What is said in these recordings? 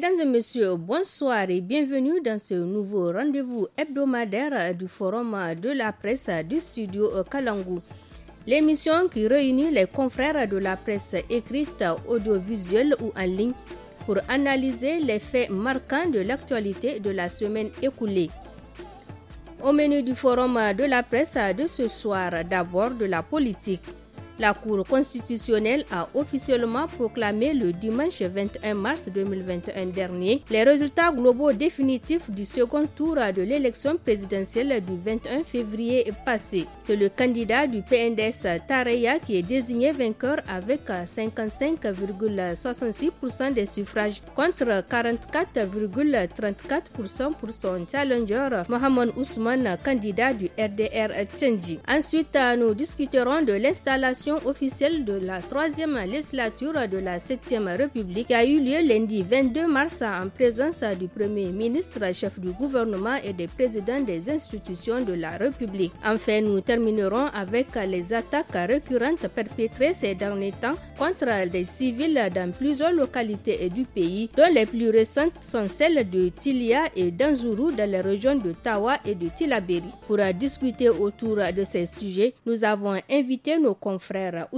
Mesdames et messieurs, bonsoir et bienvenue dans ce nouveau rendez-vous hebdomadaire du Forum de la presse du studio Kalangu. L'émission qui réunit les confrères de la presse écrite, audiovisuelle ou en ligne pour analyser les faits marquants de l'actualité de la semaine écoulée. Au menu du Forum de la presse de ce soir, d'abord de la politique. La Cour constitutionnelle a officiellement proclamé le dimanche 21 mars 2021 dernier les résultats globaux définitifs du second tour de l'élection présidentielle du 21 février passé. C'est le candidat du PNDS Tareya qui est désigné vainqueur avec 55,66% des suffrages contre 44,34% pour son challenger Mohamed Ousmane, candidat du RDR Tsenji. Ensuite, nous discuterons de l'installation officielle de la troisième législature de la 7e République a eu lieu lundi 22 mars en présence du Premier ministre, chef du gouvernement et des présidents des institutions de la République. Enfin, nous terminerons avec les attaques récurrentes perpétrées ces derniers temps contre des civils dans plusieurs localités du pays, dont les plus récentes sont celles de Tilia et d'Anzuru dans les régions de Tawa et de Tilaberi. Pour discuter autour de ces sujets, nous avons invité nos confrères frère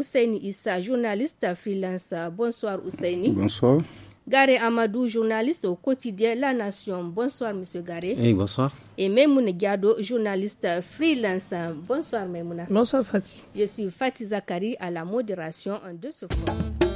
Issa, journaliste freelance. Bonsoir Ousseini. Bonsoir. Garé Amadou, journaliste au quotidien La Nation. Bonsoir, Monsieur Garé. bonsoir. Et Memoun Gado, journaliste freelance. Bonsoir, Memouna. Bonsoir, Fatih. Je suis Fatih Zakari à la modération de ce secondes.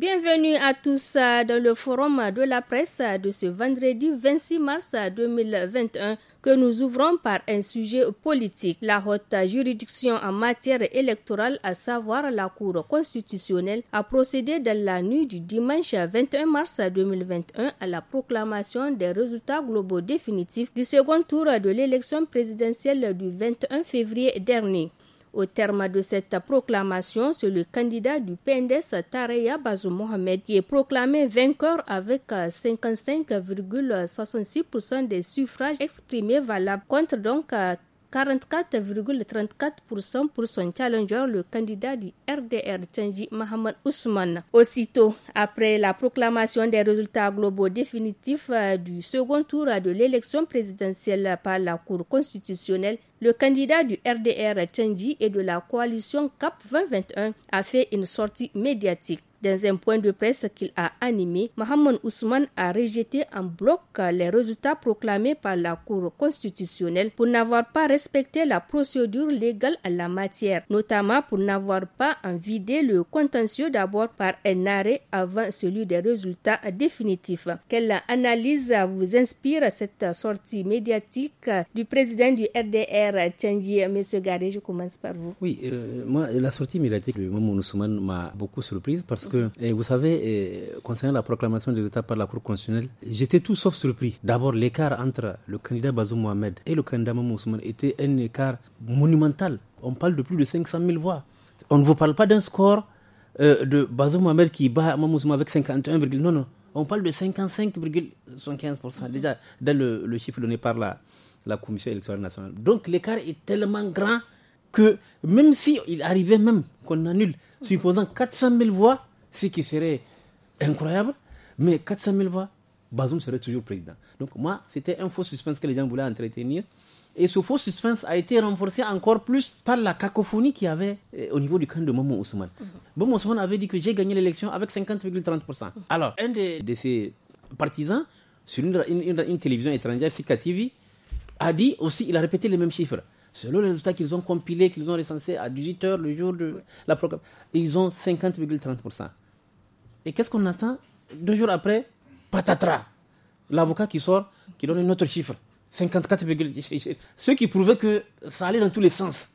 Bienvenue à tous euh, dans le forum de la presse de ce vendredi 26 mars 2021 que nous ouvrons par un sujet politique. La haute juridiction en matière électorale, à savoir la Cour constitutionnelle, a procédé dans la nuit du dimanche 21 mars 2021 à la proclamation des résultats globaux définitifs du second tour de l'élection présidentielle du 21 février dernier. Au terme de cette proclamation, c'est le candidat du PNDS Tareya Bazou Mohamed qui est proclamé vainqueur avec 55,66% euh, des suffrages exprimés valables contre donc 44,34% euh, pour son challenger, le candidat du RDR, Tchangi Mohamed Ousmane. Aussitôt après la proclamation des résultats globaux définitifs euh, du second tour de l'élection présidentielle par la Cour constitutionnelle, le candidat du RDR Tchendi et de la coalition CAP 2021 a fait une sortie médiatique. Dans un point de presse qu'il a animé, Mohamed Ousmane a rejeté en bloc les résultats proclamés par la Cour constitutionnelle pour n'avoir pas respecté la procédure légale à la matière, notamment pour n'avoir pas en vidé le contentieux d'abord par un arrêt avant celui des résultats définitifs. Quelle analyse vous inspire cette sortie médiatique du président du RDR Mokhtar Tchangi, Monsieur je commence par vous. Oui, euh, moi, la sortie médiatique de Mamoun m'a beaucoup surprise parce que, mhm. vous savez, concernant la proclamation de l'État par la Cour constitutionnelle, j'étais tout sauf surpris. D'abord, l'écart entre le candidat Bazoum Mohamed et le candidat Mamoun était un écart monumental. On parle de plus de 500 000 voix. On ne vous parle pas d'un score euh, de Bazoum Mohamed qui bat Mamoun Ousmane avec 51, non, non. On parle de 55,75% déjà dans le, chiffre donné par là la Commission électorale nationale. Donc l'écart est tellement grand que même si il arrivait même qu'on annule, supposant 400 000 voix, ce qui serait incroyable, mais 400 000 voix, Bazoum serait toujours président. Donc moi, c'était un faux suspense que les gens voulaient entretenir. Et ce faux suspense a été renforcé encore plus par la cacophonie qu'il y avait eh, au niveau du camp de Momo Ousmane. Mm Ousmane avait dit que j'ai gagné l'élection avec 50,30%. Mhm. Alors, un de, ses partisans, sur une, télévision étrangère, Sika TV, a dit aussi, il a répété les mêmes chiffres. Selon les résultats qu'ils ont compilés, qu'ils ont recensés à 18 h le jour de la programme, ils ont 50,30%. Et qu'est-ce qu'on a attend Deux jours après, patatras L'avocat qui sort, qui donne un autre chiffre. 54, ce qui prouvait que ça allait dans tous les sens.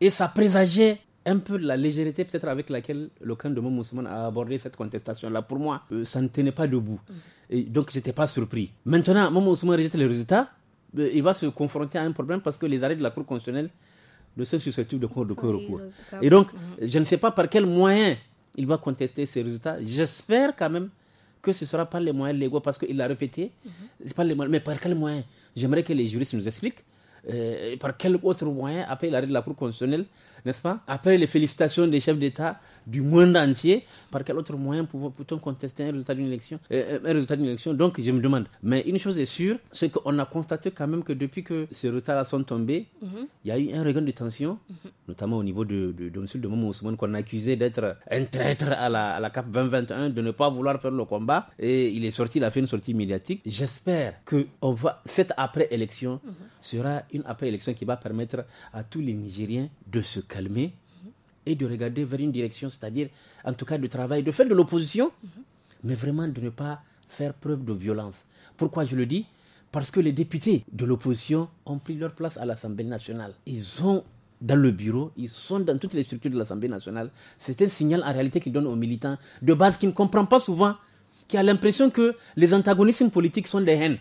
Et ça présageait un peu la légèreté peut-être avec laquelle le camp de Moussouman a abordé cette contestation-là. Pour moi, euh, ça ne tenait pas debout. Mm. Et donc, je n'étais pas surpris. Maintenant, Momo rejette les résultats. Euh, il va se confronter à un problème parce que les arrêts de la Cour constitutionnelle le sont susceptibles de cours de cours recours. Et donc, je ne sais pas par quel moyen il va contester ces résultats. J'espère quand même que ce sera par les moyens légaux parce qu'il l'a répété. Mhm. pas les moyens, mais par quel moyen J'aimerais que les juristes nous expliquent. Euh, par quel autre moyen, après l'arrêt de la Cour constitutionnelle, n'est-ce pas Après les félicitations des chefs d'État, du monde entier. Par quel autre moyen peut-on contester euh, un résultat d'une élection, Donc, je me demande. Mais une chose est sûre, c'est qu'on a constaté quand même que depuis que ces retards sont tombés, mhm. il y a eu un regain de tension, mhm. notamment au niveau de, de, de, de Momo Ousmane, qu'on accusé d'être un traître à la, à la CAP 2021, de ne pas vouloir faire le combat. Et il est sorti, il a fait une sortie médiatique. J'espère que cette après-élection mhm. sera une après-élection qui va permettre à tous les Nigériens de se calmer et de regarder vers une direction, c'est-à-dire en tout cas de travail, de faire de l'opposition, mhm. mais vraiment de ne pas faire preuve de violence. Pourquoi je le dis Parce que les députés de l'opposition ont pris leur place à l'Assemblée nationale. Ils ont dans le bureau, ils sont dans toutes les structures de l'Assemblée nationale. C'est un signal en réalité qu'ils donnent aux militants de base qui ne comprennent pas souvent, qui a l'impression que les antagonismes politiques sont des haines,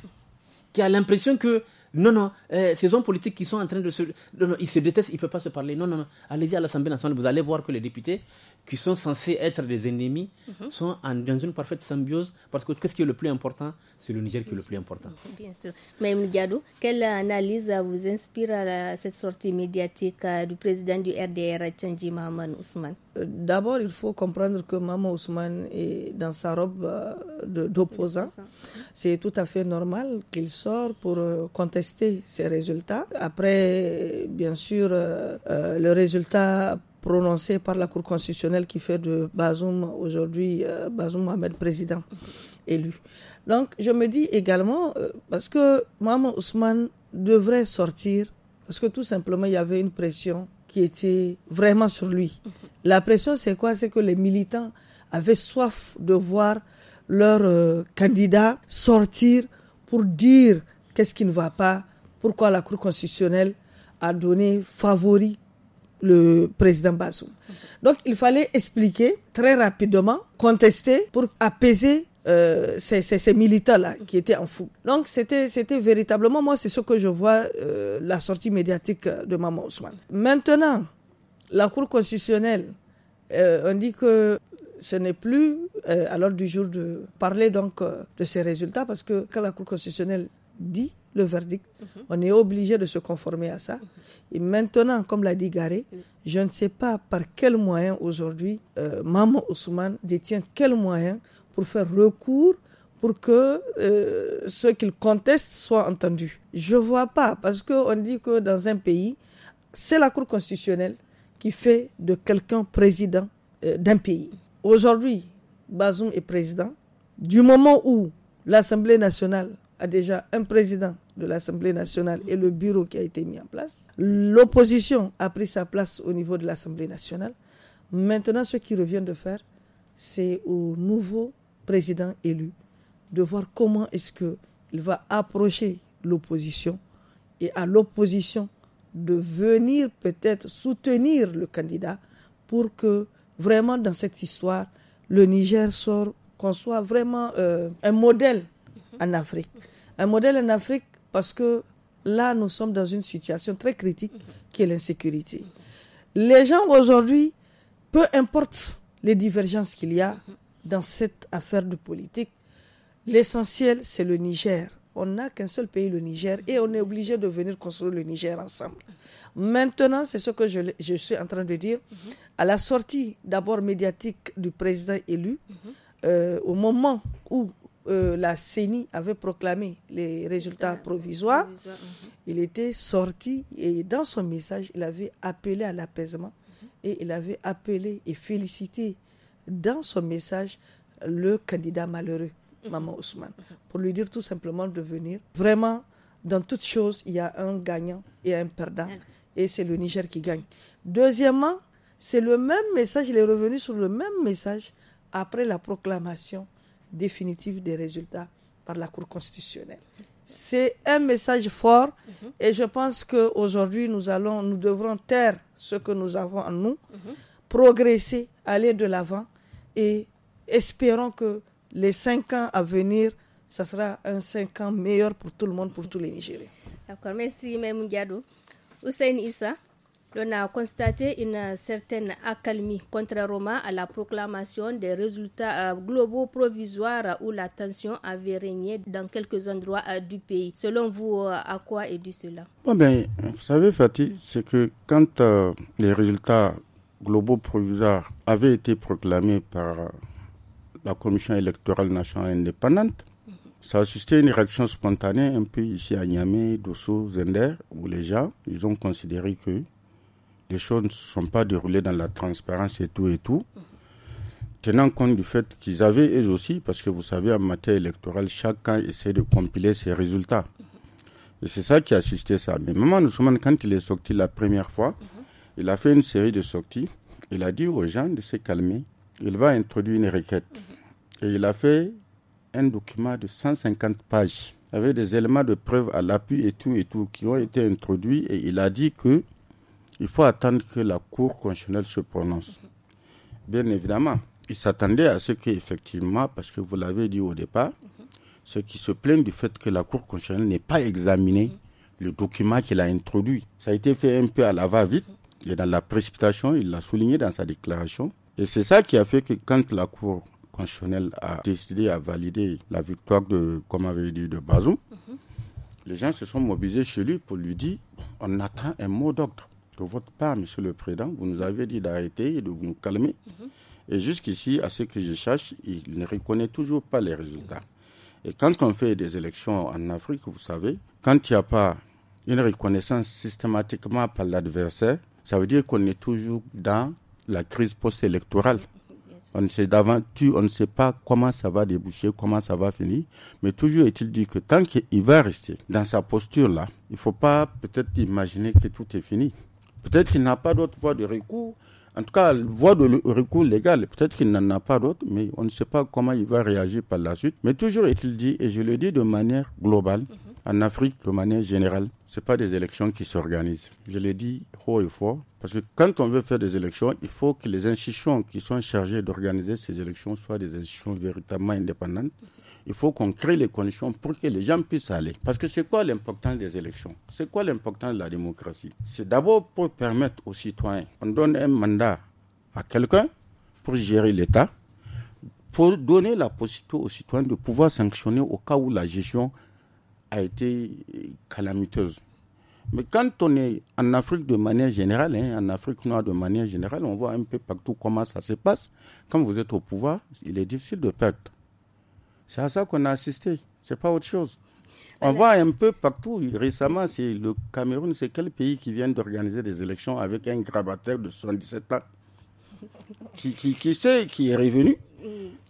qui a l'impression que non, non, euh, ces hommes politiques qui sont en train de se. Non, non, ils se détestent, ils ne peuvent pas se parler. Non, non, non. Allez-y à l'Assemblée nationale, vous allez voir que les députés qui sont censés être des ennemis mhm. sont dans une parfaite symbiose parce que qu'est-ce qui est le plus important C'est le Niger qui est le plus important. Mhm, bien sûr. Diadou, quelle analyse vous inspire à cette sortie médiatique euh, du président du RDR, Tjanji Mahaman Ousmane euh, D'abord, il faut comprendre que Maman Ousmane est dans sa robe euh, d'opposant. Mhm. C'est tout à fait normal qu'il sorte pour contester ses résultats. Après, bien sûr, le résultat prononcé par la Cour constitutionnelle qui fait de Bazoum aujourd'hui euh, Bazoum Mohamed président élu. Donc je me dis également, euh, parce que Mohamed Ousmane devrait sortir, parce que tout simplement il y avait une pression qui était vraiment sur lui. La pression c'est quoi C'est que les militants avaient soif de voir leur euh, candidat sortir pour dire qu'est-ce qui ne va pas, pourquoi la Cour constitutionnelle a donné favori le président Bazoum. Donc il fallait expliquer très rapidement, contester pour apaiser euh, ces, militants-là qui étaient en fou. Donc c'était c'était véritablement moi c'est ce que je vois euh, la sortie médiatique euh, de Maman Ousmane. Maintenant, la Cour constitutionnelle, on dit que ce n'est plus à l'heure du jour de parler donc de ces résultats parce que quand la Cour constitutionnelle dit le verdict. Mhm. On est obligé de se conformer à ça. Mhm. Et maintenant, comme l'a dit Garé, je ne sais pas par quel moyen aujourd'hui euh, Maman Ousmane détient quel moyen pour faire recours pour que euh, ce qu'il conteste soit entendu. Je ne vois pas, parce qu'on dit que dans un pays, c'est la Cour constitutionnelle qui fait de quelqu'un président euh, d'un pays. Aujourd'hui, Bazoum est président. Du moment où l'Assemblée nationale a déjà un président de l'Assemblée nationale et le bureau qui a été mis en place. L'opposition a pris sa place au niveau de l'Assemblée nationale. Maintenant, ce qu'il revient de faire, c'est au nouveau président élu de voir comment est-ce qu'il va approcher l'opposition et à l'opposition de venir peut-être soutenir le candidat pour que vraiment dans cette histoire, le Niger sort, qu'on soit vraiment euh, un modèle en Afrique. Un modèle en Afrique parce que là, nous sommes dans une situation très critique qui est l'insécurité. Les gens aujourd'hui, peu importe les divergences qu'il y a dans cette affaire de politique, l'essentiel, c'est le Niger. On n'a qu'un seul pays, le Niger, et on est obligé de venir construire le Niger ensemble. Maintenant, c'est ce que je, suis en train de dire. À la sortie d'abord médiatique du président élu, mhm. euh, au moment où euh, la CENI avait proclamé les résultats provisoires, uh-huh. il était sorti et dans son message, il avait appelé à l'apaisement uh-huh. et il avait appelé et félicité dans son message le candidat malheureux, uh-huh. Maman Ousmane, pour lui dire tout simplement de venir. Vraiment, dans toute chose, il y a un gagnant et un perdant et c'est le Niger qui gagne. Deuxièmement, c'est le même message, il est revenu sur le même message après la proclamation définitive des résultats par la Cour constitutionnelle. C'est un message fort mhm. et je pense qu'aujourd'hui, nous, allons, nous devrons taire ce que nous avons en nous, mhm. progresser, aller de l'avant et espérons que les cinq ans à venir, ça sera un cinq ans meilleur pour tout le monde, pour tous les Nigériens. D'accord, merci Mme Ndiadou. Hussein Issa, on a constaté une certaine accalmie, contrairement à la proclamation des résultats euh, globaux provisoires où la tension avait régné dans quelques endroits euh, du pays. Selon vous, euh, à quoi est dû cela bon ben, Vous savez, Fatih, c'est que quand les résultats globaux provisoires avaient été proclamés par la Commission électorale nationale indépendante, ça a suscité une réaction spontanée un peu ici à Niamey, Dosso, Zender, où les gens, ils ont considéré que les choses ne sont pas déroulées dans la transparence et tout et tout, tenant compte du fait qu'ils avaient eux aussi, parce que vous savez, en matière électorale, chacun essaie de compiler ses résultats. Et c'est ça qui a assisté ça. Mais Maman Ousmane, quand il est sorti la première fois, il a fait une série de sorties. Il a dit aux gens de se calmer. Il va introduire une requête. Et il a fait un document de 150 pages avec des éléments de preuve à l'appui et tout et tout qui ont été introduits. Et il a dit que il faut attendre que la Cour constitutionnelle se prononce. Bien évidemment, il s'attendait à ce qu'effectivement, parce que vous l'avez dit au départ, ceux qui se plaignent du fait que la Cour constitutionnelle n'ait pas examiné le document qu'il a introduit. Ça a été fait un peu à la va-vite et dans la précipitation, il l'a souligné dans sa déclaration. Et c'est ça qui a fait que quand la Cour constitutionnelle a décidé à valider la victoire de, comme avait dit, de Bazoum, les gens se sont mobilisés chez lui pour lui dire on attend un mot d'ordre ne votre pas, Monsieur le Président, vous nous avez dit d'arrêter et de vous calmer. Mhm. Et jusqu'ici, à ce que je cherche, il ne reconnaît toujours pas les résultats. Et quand on fait des élections en Afrique, vous savez, quand il n'y a pas une reconnaissance systématiquement par l'adversaire, ça veut dire qu'on est toujours dans la crise post-électorale. On ne sait on ne sait pas comment ça va déboucher, comment ça va finir. Mais toujours est-il dit que tant qu'il va rester dans sa posture là, il ne faut pas peut-être imaginer que tout est fini. Peut-être qu'il n'a pas d'autre voie de recours. En tout cas, voie de recours légale, peut-être qu'il n'en a pas d'autre, mais on ne sait pas comment il va réagir par la suite. Mais toujours est-il dit, et je le dis de manière globale, mhm. en Afrique, de manière générale, ce pas des élections qui s'organisent. Je le dis haut et fort, parce que quand on veut faire des élections, il faut que les institutions qui sont chargées d'organiser ces élections soient des institutions véritablement indépendantes, il faut qu'on crée les conditions pour que les gens puissent aller. Parce que c'est quoi l'importance des élections C'est quoi l'importance de la démocratie C'est d'abord pour permettre aux citoyens, on donne un mandat à quelqu'un pour gérer l'État, pour donner la possibilité aux citoyens de pouvoir sanctionner au cas où la gestion a été euh, calamiteuse. Mais quand on est en Afrique de manière générale, hein, en Afrique noire de manière générale, on voit un peu partout comment ça se passe. Quand vous êtes au pouvoir, il est difficile de perdre. C'est à ça qu'on a assisté. C'est pas autre chose. On voit un peu partout. Récemment, c'est le Cameroun, c'est quel pays qui vient d'organiser des élections avec un grabataire de 77 ans qui, qui, qui sait, qui est revenu mm.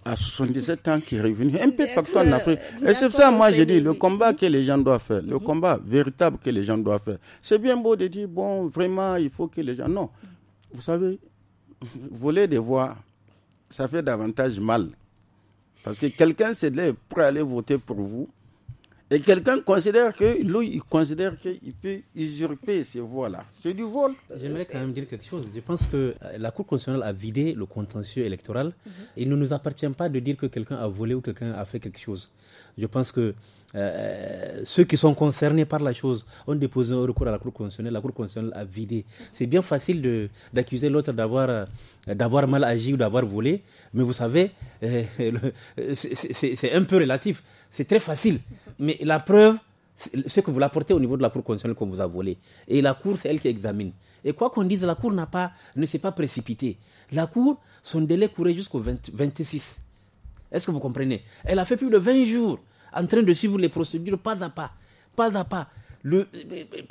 à 77 ans, qui est revenu un peu partout en Afrique. Et c'est ça, moi, j'ai dit, le combat que les gens doivent faire, le mm. combat véritable que les gens doivent faire. C'est bien beau de dire, bon, vraiment, il faut que les gens. Non. Vous savez, voler des voix, ça fait davantage mal parce que quelqu'un s'est prêt à aller voter pour vous. Et quelqu'un considère que lui, il considère qu'il peut usurper ces voix-là. C'est du vol. J'aimerais quand même dire quelque chose. Je pense que euh, la Cour constitutionnelle a vidé le contentieux électoral. Mhm. Il ne nous appartient pas de dire que quelqu'un a volé ou quelqu'un a fait quelque chose. Je pense que euh, euh, ceux qui sont concernés par la chose ont déposé un recours à la Cour constitutionnelle. La Cour constitutionnelle a vidé. C'est bien facile d'accuser l'autre d'avoir euh, d'avoir mal agi ou d'avoir volé, mais vous savez, c'est un peu relatif. C'est très facile. Mais la preuve, ce que vous l'apportez au niveau de la Cour constitutionnelle qu'on vous a volé. Et la Cour, c'est elle qui examine. Et quoi qu'on dise, la Cour n'a pas, ne s'est pas précipitée. La Cour, son délai courait jusqu'au 26. Est-ce que vous comprenez Elle a fait plus de 20 jours en train de suivre les procédures pas à pas, pas à pas. Le, euh,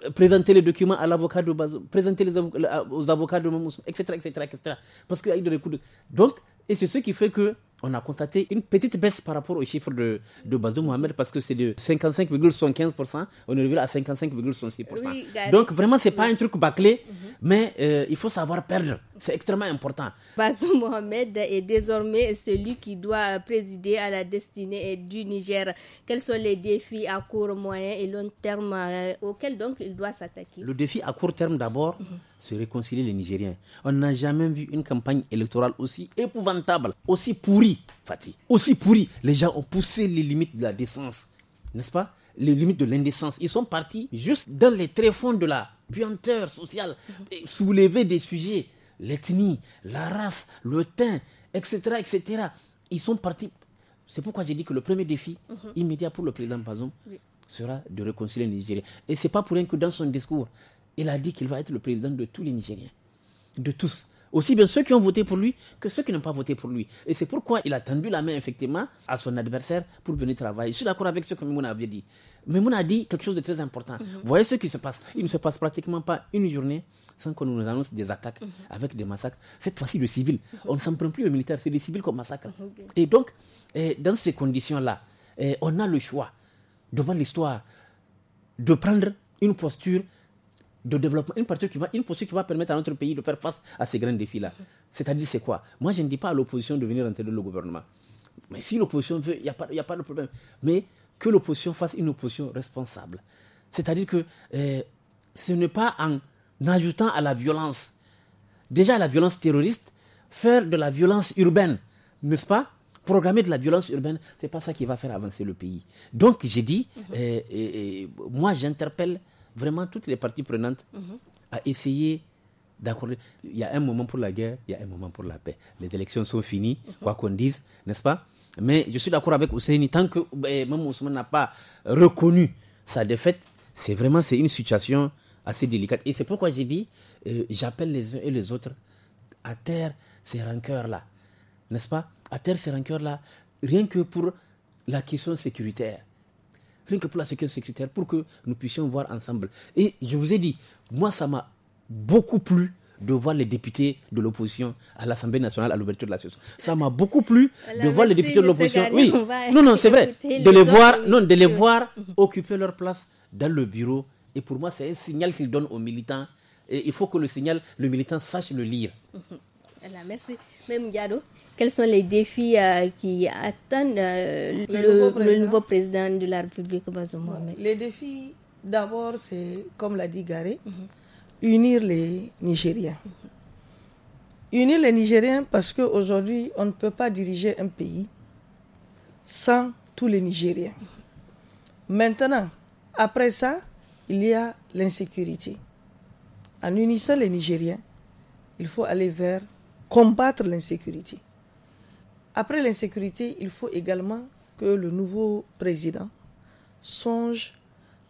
euh, présenter les documents à l'avocat de base, présenter les avocats, euh, aux avocats de etc., etc., Parce qu'il y a eu des coups de... Donc, et c'est ce qui fait que on a constaté une petite baisse par rapport au chiffre de, de Bazoum Mohamed parce que c'est de 55,75%, on est arrivé à 55,66%. Donc vraiment, c'est n'est pas un truc bâclé, mhm. mais euh, il faut savoir perdre. C'est extrêmement important. Bazoum Mohamed est désormais celui qui doit présider à la destinée du Niger. Quels sont les défis à court, moyen et long terme euh, auxquels donc il doit s'attaquer Le défi à court terme d'abord, mhm se réconcilier les Nigériens. On n'a jamais vu une campagne électorale aussi épouvantable, aussi pourrie, Fatih. Aussi pourrie. Les gens ont poussé les limites de la décence, n'est-ce pas Les limites de l'indécence. Ils sont partis juste dans les tréfonds de la puanteur sociale, mhm. soulever des sujets, l'ethnie, la race, le teint, etc., etc. Ils sont partis. C'est pourquoi j'ai dit que le premier défi mhm. immédiat pour le président Bazoum sera de réconcilier les Nigériens. Et c'est pas pour rien que dans son discours, il a dit qu'il va être le président de tous les Nigériens, de tous. Aussi bien ceux qui ont voté pour lui que ceux qui n'ont pas voté pour lui. Et c'est pourquoi il a tendu la main effectivement à son adversaire pour venir travailler. Je suis d'accord avec ce que Mimouna avait dit. Mimouna a dit quelque chose de très important. Mhm. Voyez ce qui se passe. Il ne se passe pratiquement pas une journée sans qu'on nous annonce des attaques mhm. avec des massacres. Cette fois-ci, le civil. Mhm. On ne s'en prend plus aux militaires, c'est le civil qu'on massacre. Et donc, eh, dans ces conditions-là, eh, on a le choix devant l'histoire de prendre une posture de développement, une posture, qui va, une qui va permettre à notre pays de faire face à ces grands défis-là. C'est-à-dire, c'est quoi Moi, je ne dis pas à l'opposition de venir entrer dans le gouvernement. Mais si l'opposition veut, il n'y a, pas de problème. Mais que l'opposition fasse une opposition responsable. C'est-à-dire que euh, ce n'est pas en ajoutant à la violence, déjà à la violence terroriste, faire de la violence urbaine, n'est-ce pas Programmer de la violence urbaine, ce n'est pas ça qui va faire avancer le pays. Donc, j'ai dit, mm-hmm. euh, moi, j'interpelle vraiment toutes les parties prenantes ont mhm. essayé à d'accorder. Il y a un moment pour la guerre, il y a un moment pour la paix. Les élections sont finies, mhm. quoi qu'on dise, n'est-ce pas Mais je suis d'accord avec Ousseini, tant que ben, même Ousmane n'a pas reconnu sa défaite, c'est vraiment c'est une situation assez délicate. Et c'est pourquoi j'ai dit, euh, j'appelle les uns et les autres à terre ces rancœurs-là, n'est-ce pas À terre ces rancœurs-là, rien que pour la question sécuritaire rien que pour la sécurité pour que nous puissions voir ensemble. Et je vous ai dit, moi, ça m'a beaucoup plu de voir les députés de l'opposition à l'Assemblée nationale à l'ouverture de la session. Ça m'a beaucoup plu de voir les députés de l'opposition. Oui, non, non, c'est vrai. De les, voir, non, de les voir occuper leur place dans le bureau. Et pour moi, c'est un signal qu'ils donnent aux militants. Et il faut que le signal, le militant sache le lire. merci. Même Diado. Quels sont les défis euh, qui attendent euh, le, nouveau président de la République, Bazoum Mohamed Les défis, d'abord, c'est, comme l'a dit Garé, mhm. unir les Nigériens. Mhm. Unir les Nigériens parce qu'aujourd'hui, on ne peut pas diriger un pays sans tous les Nigériens. Mhm. Maintenant, après ça, il y a l'insécurité. En unissant les Nigériens, il faut aller vers combattre l'insécurité. Après l'insécurité, il faut également que le nouveau président songe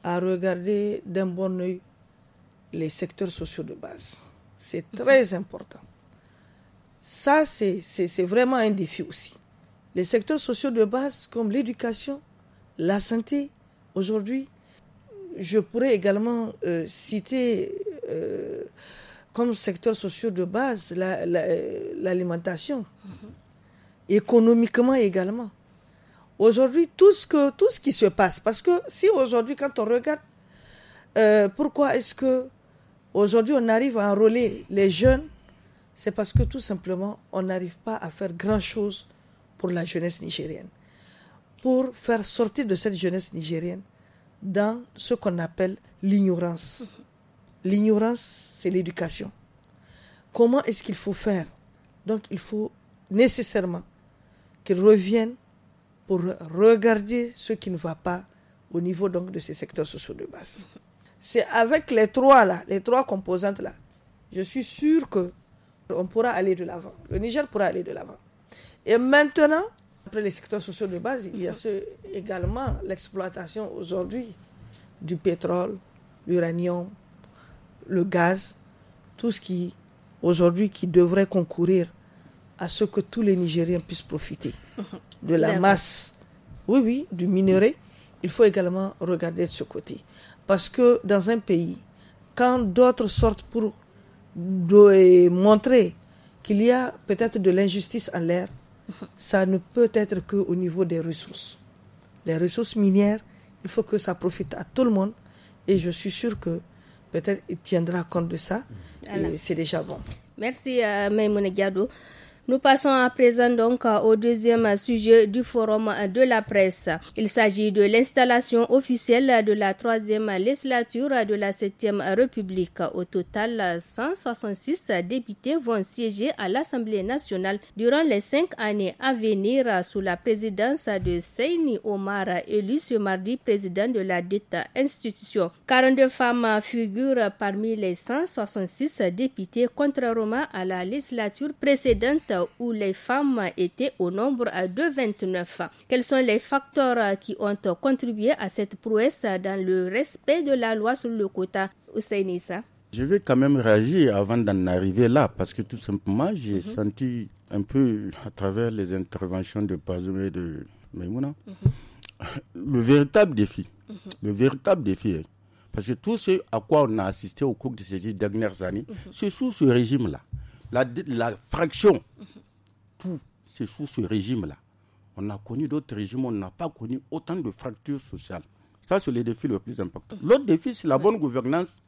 à regarder d'un bon oeil les secteurs sociaux de base. C'est mhm. très important. Ça, c'est vraiment un défi aussi. Les secteurs sociaux de base comme l'éducation, la santé, aujourd'hui, je pourrais également euh, citer euh, comme secteur sociaux de base euh, l'alimentation. Mhm économiquement également. Aujourd'hui, tout ce, tout ce qui se passe, parce que si aujourd'hui, quand on regarde, euh, pourquoi est-ce que aujourd'hui on arrive à enrôler les jeunes, c'est parce que tout simplement, on n'arrive pas à faire grand-chose pour la jeunesse nigérienne, pour faire sortir de cette jeunesse nigérienne dans ce qu'on appelle l'ignorance. L'ignorance, c'est l'éducation. Comment est-ce qu'il faut faire Donc, il faut nécessairement qu'ils reviennent pour regarder ce qui ne va pas au niveau donc de ces secteurs sociaux de base. C'est avec les trois là, les trois composantes là, je suis sûr que on pourra aller de l'avant. Le Niger pourra aller de l'avant. Et maintenant, après les secteurs sociaux de base, il y a ce, également l'exploitation aujourd'hui du pétrole, l'uranium, le gaz, tout ce qui aujourd'hui qui devrait concourir à ce que tous les Nigériens puissent profiter de la masse, oui, oui, du minerai, il faut également regarder de ce côté. Parce que dans un pays, quand d'autres sortent pour montrer qu'il y a peut-être de l'injustice en l'air, ça ne peut être qu'au niveau des ressources. Les ressources minières, il faut que ça profite à tout le monde. Et je suis sûr que peut-être il tiendra compte de ça. Et c'est déjà bon. Merci, euh, Maïmoune nous passons à présent donc au deuxième sujet du forum de la presse. Il s'agit de l'installation officielle de la troisième législature de la septième République. Au total, 166 députés vont siéger à l'Assemblée nationale durant les cinq années à venir sous la présidence de Seyni Omar, élu ce mardi président de la dite institution. 42 femmes figurent parmi les 166 députés, contrairement à la législature précédente où les femmes étaient au nombre de 29. Quels sont les facteurs qui ont contribué à cette prouesse dans le respect de la loi sur le quota husseinissa Je vais quand même réagir avant d'en arriver là, parce que tout simplement, j'ai mhm. senti un peu à travers les interventions de Pazoumé et de Maimouna, mhm. le véritable défi. Mhm. Le véritable défi. Hein. Parce que tout ce à quoi on a assisté au cours de ces dernières années, c'est sous ce régime-là la, fraction. Tout, c'est sous ce régime-là. On a connu d'autres régimes, on n'a pas connu autant de fractures sociales. Ça, c'est le défi le plus important. Mm. L'autre défi, c'est la bonne gouvernance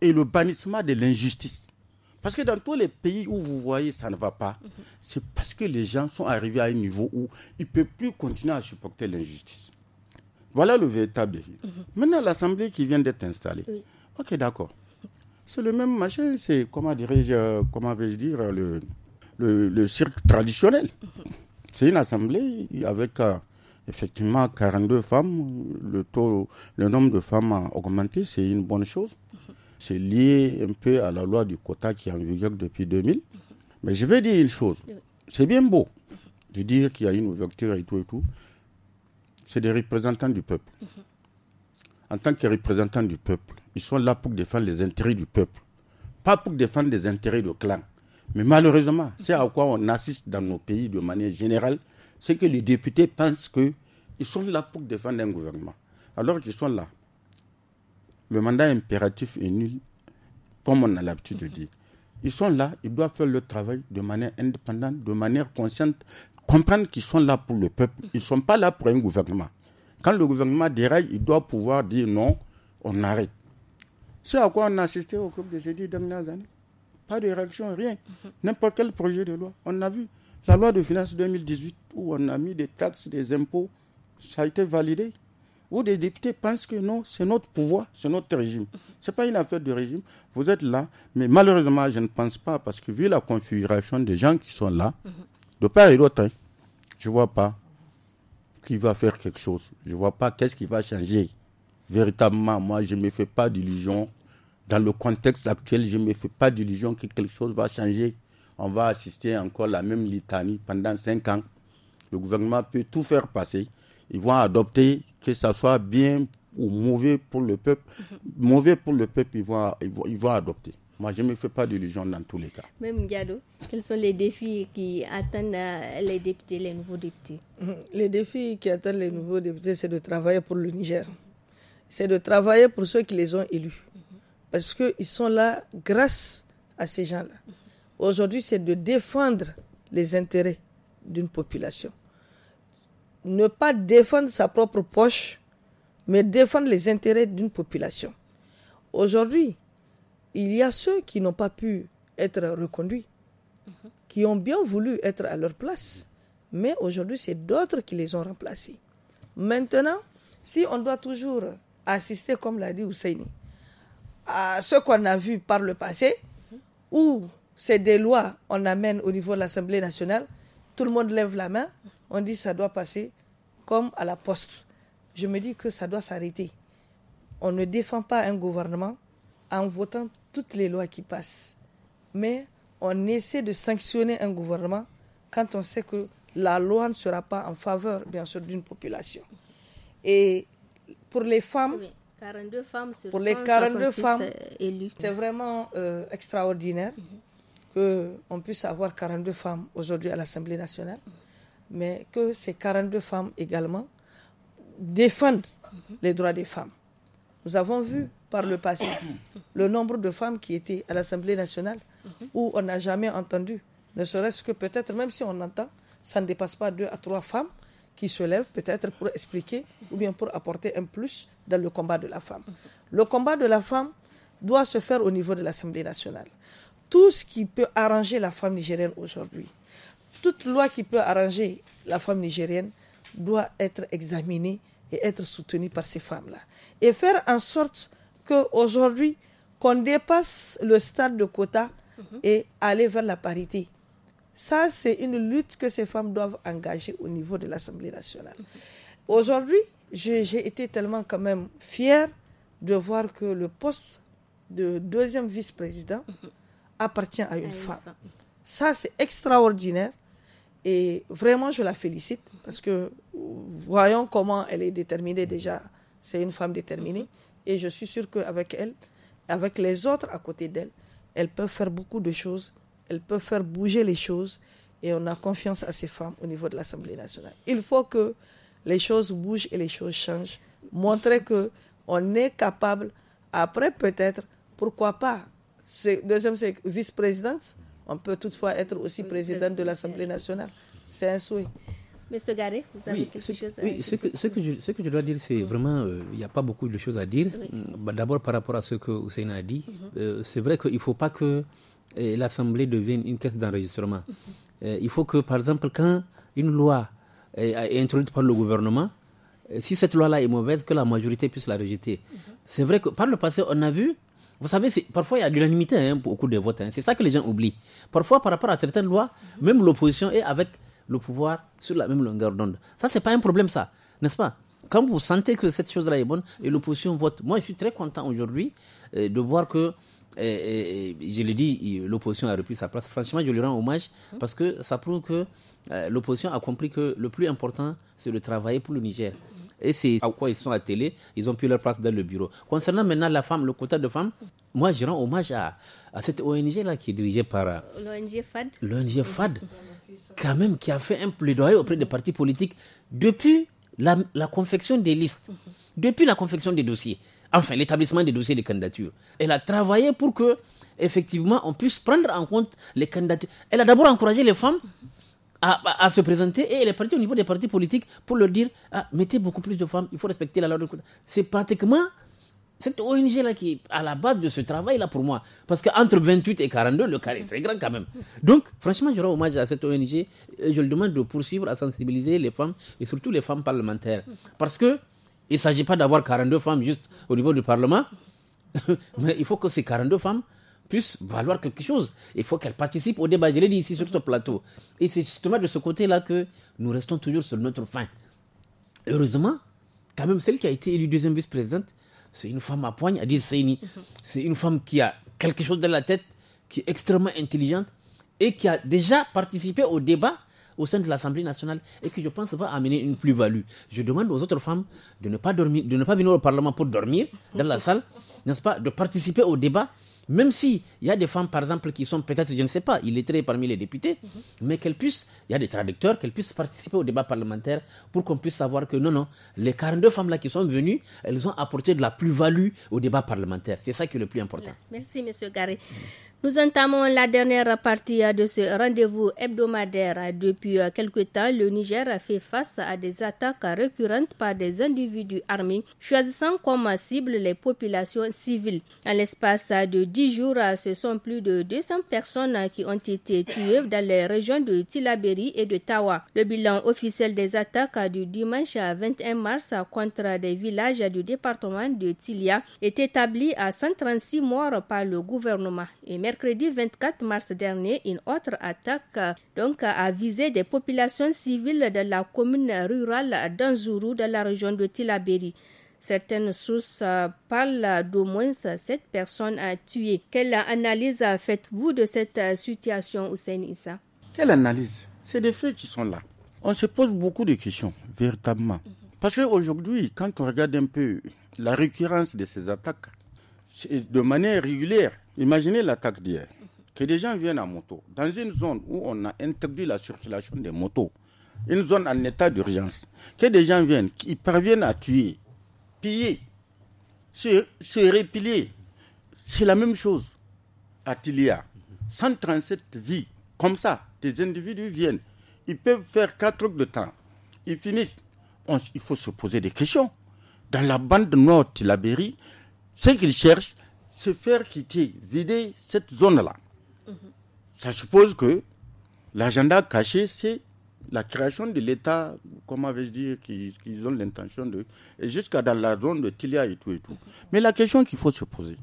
et le bannissement de l'injustice. Parce que dans tous les pays où vous voyez ça ne va pas, mm-hmm. c'est parce que les gens sont arrivés à un niveau où ils ne peuvent plus continuer à supporter l'injustice. Voilà le véritable défi. Mm-hmm. Maintenant, l'Assemblée qui vient d'être installée. Ok, d'accord. C'est le même machin, c'est, comment dirais euh, comment vais-je dire, euh, le, le, cirque traditionnel. C'est une assemblée avec euh, effectivement 42 femmes. Le, taux, le nombre de femmes a augmenté, c'est une bonne chose. C'est lié un peu à la loi du quota qui est en vigueur depuis 2000. Mais je vais dire une chose. C'est bien beau de dire qu'il y a une ouverture et tout et tout. C'est des représentants du peuple. En tant que représentant du peuple, ils sont là pour défendre les intérêts du peuple, pas pour défendre les intérêts de clan. Mais malheureusement, c'est à quoi on assiste dans nos pays de manière générale, c'est que les députés pensent qu'ils sont là pour défendre un gouvernement, alors qu'ils sont là. Le mandat impératif est nul, comme on a l'habitude de mhm. dire. Ils sont là, ils doivent faire leur travail de manière indépendante, de manière consciente, comprendre qu'ils sont là pour le peuple, ils ne sont pas là pour un gouvernement. Quand le gouvernement déraille, il doit pouvoir dire non, on arrête. C'est à quoi on a assisté au cours de ces dix dernières années. Pas de réaction, rien. Mhm. N'importe quel projet de loi. On a vu la loi de finances 2018 où on a mis des taxes, des impôts, ça a été validé. Où des députés pensent que non, c'est notre pouvoir, c'est notre régime. Mhm. Ce n'est pas une affaire de régime. Vous êtes là, mais malheureusement, je ne pense pas, parce que vu la configuration des gens qui sont là, mhm. de part et d'autre, hein, je ne vois pas qui va faire quelque chose. Je ne vois pas qu'est-ce qui va changer véritablement, moi, je ne me fais pas d'illusion. Dans le contexte actuel, je ne me fais pas d'illusions que quelque chose va changer. On va assister encore à la même litanie pendant cinq ans. Le gouvernement peut tout faire passer. Ils vont adopter, que ce soit bien ou mauvais pour le peuple. Mhm. Mauvais pour le peuple, ils vont, ils vont, adopter. Moi, je ne me fais pas d'illusions dans tous les cas. Même Gado, quels sont les défis qui attendent euh, les députés, les nouveaux députés Les défis qui attendent les nouveaux députés, c'est de travailler pour le Niger c'est de travailler pour ceux qui les ont élus. Parce qu'ils sont là grâce à ces gens-là. Aujourd'hui, c'est de défendre les intérêts d'une population. Ne pas défendre sa propre poche, mais défendre les intérêts d'une population. Aujourd'hui, il y a ceux qui n'ont pas pu être reconduits, qui ont bien voulu être à leur place, mais aujourd'hui, c'est d'autres qui les ont remplacés. Maintenant, si on doit toujours assister, comme l'a dit Ousseini, à ce qu'on a vu par le passé, où c'est des lois on amène au niveau de l'Assemblée nationale, tout le monde lève la main, on dit ça doit passer comme à la poste. Je me dis que ça doit s'arrêter. On ne défend pas un gouvernement en votant toutes les lois qui passent, mais on essaie de sanctionner un gouvernement quand on sait que la loi ne sera pas en faveur, bien sûr, d'une population. Et pour les femmes. pour les 42 femmes, euh, c'est vraiment euh, extraordinaire mhm. que qu'on puisse avoir 42 femmes aujourd'hui à l'Assemblée nationale, mais que ces 42 femmes également défendent mhm. les droits des femmes. Nous avons vu par le passé le nombre de femmes qui étaient à l'Assemblée nationale mhm. où on n'a jamais entendu, ne serait-ce que peut-être même si on entend, ça ne dépasse pas deux à trois femmes qui se lèvent peut-être pour expliquer ou bien pour apporter un plus dans le combat de la femme. Le combat de la femme doit se faire au niveau de l'Assemblée nationale. Tout ce qui peut arranger la femme nigérienne aujourd'hui, toute loi qui peut arranger la femme nigérienne doit être examinée et être soutenue par ces femmes-là. Et faire en sorte qu'aujourd'hui, qu'on dépasse le stade de quota mhm. et aller vers la parité ça, c'est une lutte que ces femmes doivent engager au niveau de l'Assemblée nationale. Aujourd'hui, j'ai été tellement quand même fière de voir que le poste de deuxième vice-président appartient à une femme. Ça, c'est extraordinaire. Et vraiment, je la félicite parce que voyons comment elle est déterminée déjà. C'est une femme déterminée. Et je suis sûre qu'avec elle, avec les autres à côté d'elle, elles peuvent faire beaucoup de choses elles peuvent faire bouger les choses et on a confiance à ces femmes au niveau de l'Assemblée nationale. Il faut que les choses bougent et les choses changent. Montrer que on est capable, après peut-être, pourquoi pas, deuxième, c'est vice-présidente. On peut toutefois être aussi présidente de l'Assemblée nationale. C'est un souhait. Monsieur Garé, vous avez quelque chose à oui, ce que, je, dois dire, c'est vraiment, euh, il n'y a pas beaucoup de choses à dire. Bah, d'abord, par rapport à ce que Hussein a dit, mhm. euh, c'est vrai qu'il ne faut pas que l'Assemblée devienne une caisse d'enregistrement. Euh, il faut que, par exemple, quand une loi est introduite par le gouvernement, euh, si cette loi-là est mauvaise, que la majorité puisse la rejeter. C'est vrai que par le passé, on a vu, vous savez, parfois il y a de l'unanimité hein, au cours des votes. Hein. C'est ça que les gens oublient. Parfois, par rapport à certaines lois, même l'opposition est avec le pouvoir sur la même longueur d'onde. Ça, c'est pas un problème, ça, n'est-ce pas Quand vous sentez que cette chose-là est bonne et l'opposition vote, moi, je suis très content aujourd'hui euh, de voir que et, je le dis, l'opposition a repris sa place. Franchement, je lui rends hommage parce que ça prouve que euh, l'opposition a compris que le plus important, c'est de travailler pour le Niger. Et c'est à quoi ils sont à télé, ils ont pris leur place dans le bureau. Concernant maintenant la femme, le quota de femmes, moi je rends hommage à, cette ONG-là qui est dirigée par... Euh, L'ONG FAD. L'ONG FAD, quand même, qui a fait un plaidoyer auprès des partis politiques depuis la confection des listes, depuis la confection des dossiers enfin l'établissement des dossiers de candidature. Elle a travaillé pour que, effectivement, on puisse prendre en compte les candidatures. Elle a d'abord encouragé les femmes à, se présenter et elle est partie au niveau des partis politiques pour leur dire ah, mettez beaucoup plus de femmes, il faut respecter la loi de C'est pratiquement cette ONG-là qui est à la base de ce travail-là pour moi. Parce qu'entre 28 et 42, le carré est très grand quand même. Donc, franchement, je rends hommage à cette ONG et je le demande de poursuivre à sensibiliser les femmes et surtout les femmes parlementaires. Parce que il ne s'agit pas d'avoir 42 femmes juste au niveau du Parlement, mais il faut que ces 42 femmes puissent valoir quelque chose. Il faut qu'elles participent au débat. Je l'ai dit ici sur ce plateau. Et c'est justement de ce côté-là que nous restons toujours sur notre fin. Heureusement, quand même, celle qui a été élue deuxième vice-présidente, c'est une femme à poigne, Adil Seini. Mhm. C'est une femme qui a quelque chose dans la tête, qui est extrêmement intelligente et qui a déjà participé au débat au sein de l'Assemblée nationale et qui, je pense, va amener une plus-value. Je demande aux autres femmes de ne pas dormir, de ne pas venir au Parlement pour dormir dans la salle, n'est-ce pas, de participer au débat. Même s'il y a des femmes, par exemple, qui sont peut-être, je ne sais pas, illettrées parmi les députés, mais qu'elles puissent, il y a des traducteurs, qu'elles puissent participer au débat parlementaire pour qu'on puisse savoir que non, non, les 42 femmes-là qui sont venues, elles ont apporté de la plus-value au débat parlementaire. C'est ça qui est le plus important. Merci, M. Garé. Nous entamons la dernière partie de ce rendez-vous hebdomadaire. Depuis quelque temps, le Niger a fait face à des attaques récurrentes par des individus armés, choisissant comme cible les populations civiles. En l'espace de dix jours, ce sont plus de 200 personnes qui ont été tuées dans les régions de Tilaberi et de Tawa. Le bilan officiel des attaques du dimanche 21 mars contre des villages du département de Tilia est établi à 136 morts par le gouvernement mercredi 24 mars dernier, une autre attaque donc, a visé des populations civiles de la commune rurale d'Anzuru, de la région de Tilaberi. Certaines sources euh, parlent d'au moins sept personnes euh, tuées. Quelle analyse faites-vous de cette euh, situation, Hussein Issa Quelle analyse C'est des faits qui sont là. On se pose beaucoup de questions, véritablement. Mhm. Parce qu'aujourd'hui, quand on regarde un peu la récurrence de ces attaques, de manière régulière. Imaginez l'attaque d'hier. Que des gens viennent à moto. Dans une zone où on a interdit la circulation des motos, une zone en état d'urgence, que des gens viennent, qui parviennent à tuer, piller, se, se répiler. C'est la même chose à Tilia. 137 vies, comme ça, des individus viennent. Ils peuvent faire quatre trucs de temps. Ils finissent. il faut se poser des questions. Dans la bande nord de ce qu'ils cherchent, c'est faire quitter, vider cette zone-là. Ça suppose que l'agenda caché, c'est la création de l'État, comment vais je dire, qu'ils ont l'intention de. jusqu'à dans la zone de Tilia et tout et tout. Mais la question qu'il faut se poser,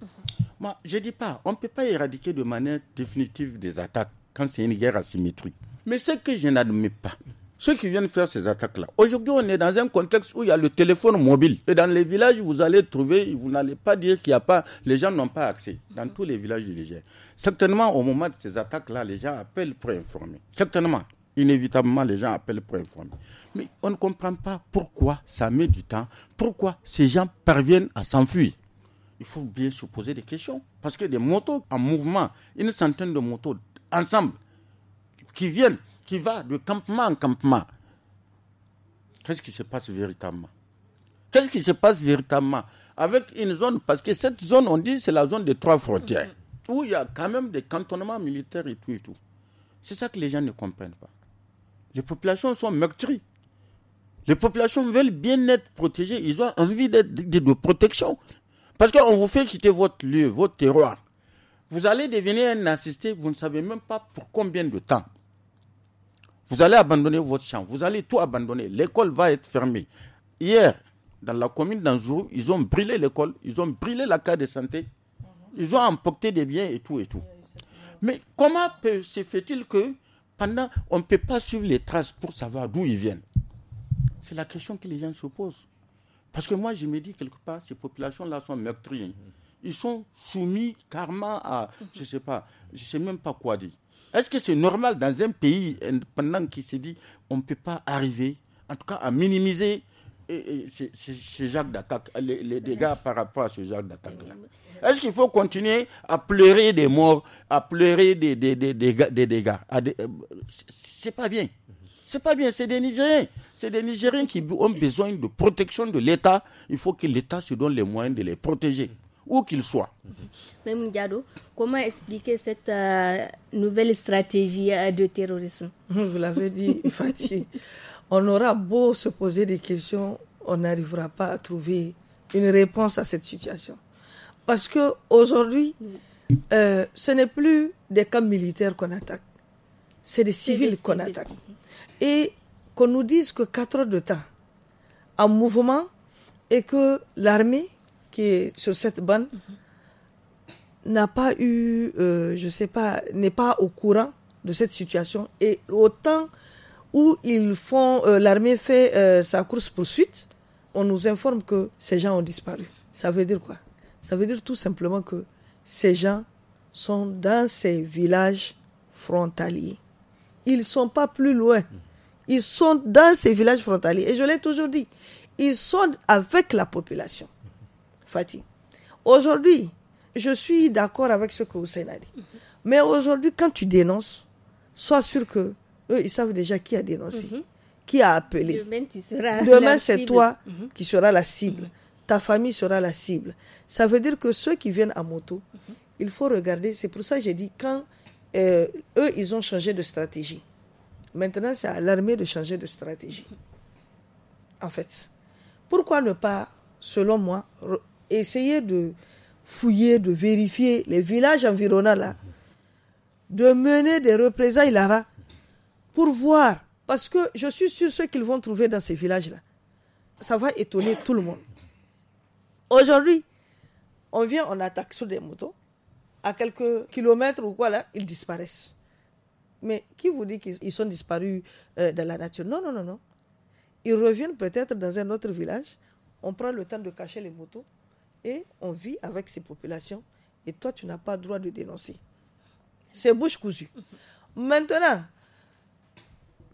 moi, je ne dis pas, on ne peut pas éradiquer de manière définitive des attaques quand c'est une guerre asymétrique. Mais ce que je n'admets pas, ceux qui viennent faire ces attaques-là. Aujourd'hui, on est dans un contexte où il y a le téléphone mobile. Et dans les villages, vous allez trouver, vous n'allez pas dire qu'il a pas, les gens n'ont pas accès. Dans tous les villages du Niger. Certainement, au moment de ces attaques-là, les gens appellent pour informer. Certainement, inévitablement, les gens appellent pour informer. Mais on ne comprend pas pourquoi ça met du temps, pourquoi ces gens parviennent à s'enfuir. Il faut bien se poser des questions. Parce que des motos en mouvement, une centaine de motos ensemble qui viennent qui va de campement en campement. Qu'est-ce qui se passe véritablement Qu'est-ce qui se passe véritablement Avec une zone, parce que cette zone, on dit, c'est la zone des trois frontières, mm-hmm. où il y a quand même des cantonnements militaires et tout et tout. C'est ça que les gens ne comprennent pas. Les populations sont meurtries. Les populations veulent bien être protégées. Ils ont envie d'être de, de, protection. Parce qu'on vous fait quitter votre lieu, votre terroir. Vous allez devenir un assisté, vous ne savez même pas pour combien de temps. Vous allez abandonner votre champ, vous allez tout abandonner. L'école va être fermée. Hier, dans la commune d'Anzou, ils ont brûlé l'école, ils ont brûlé la carte de santé, ils ont emporté des biens et tout et tout. Mais comment se fait-il que pendant, on ne peut pas suivre les traces pour savoir d'où ils viennent C'est la question que les gens se posent. Parce que moi, je me dis quelque part, ces populations-là sont meurtrières. Ils sont soumis carrément à, je ne sais pas, je ne sais même pas quoi dire. Est-ce que c'est normal dans un pays indépendant euh, qui se dit on ne peut pas arriver, en tout cas à minimiser euh, euh, ce genre d'attaque, les, dégâts par rapport à ce genre d'attaque-là Est-ce qu'il faut continuer à pleurer des morts, à pleurer des, dégâts des, des dégâts C'est pas bien. C'est pas bien, c'est des Nigériens. C'est des Nigériens qui ont besoin de protection de l'État. Il faut que l'État se donne les moyens de les protéger où qu'il soit. Même Ndiado, comment expliquer cette euh, nouvelle stratégie euh, de terrorisme Vous l'avez dit, Fatih. On aura beau se poser des questions, on n'arrivera pas à trouver une réponse à cette situation. Parce que aujourd'hui, euh, ce n'est plus des camps militaires qu'on attaque, c'est des civils qu'on attaque. Et qu'on nous dise que 4 heures de temps en mouvement et que l'armée qui est sur cette bande mhm. n'a pas eu, euh, je sais pas, n'est pas au courant de cette situation. Et au temps où ils font, euh, l'armée fait euh, sa course poursuite, on nous informe que ces gens ont disparu. Ça veut dire quoi Ça veut dire tout simplement que ces gens sont dans ces villages frontaliers. Ils ne sont pas plus loin. Ils sont dans ces villages frontaliers. Et je l'ai toujours dit, ils sont avec la population. Fatih. Aujourd'hui, je suis d'accord avec ce que Hussein a dit. Mhm. Mais aujourd'hui, quand tu dénonces, sois sûr que eux, ils savent déjà qui a dénoncé, mhm. qui a appelé. Demain, tu seras Demain, c'est toi mhm. qui seras la cible. Ta famille sera la cible. Ça veut dire que ceux qui viennent à moto, il faut regarder. C'est pour ça que j'ai dit, quand euh, eux, ils ont changé de stratégie. Maintenant, c'est à l'armée de changer de stratégie. En fait, pourquoi ne pas, selon moi, essayer de fouiller, de vérifier les villages environnants là, de mener des représailles là-bas pour voir. Parce que je suis sûr ce qu'ils vont trouver dans ces villages-là. Ça va étonner tout le monde. Aujourd'hui, on vient, on attaque sur des motos. À quelques kilomètres ou quoi là, ils disparaissent. Mais qui vous dit qu'ils sont disparus euh, dans la nature Non, non, non, non. Ils reviennent peut-être dans un autre village. On prend le temps de cacher les motos et on vit avec ces populations. Et toi, tu n'as pas le droit de dénoncer. C'est bouche cousue. Maintenant,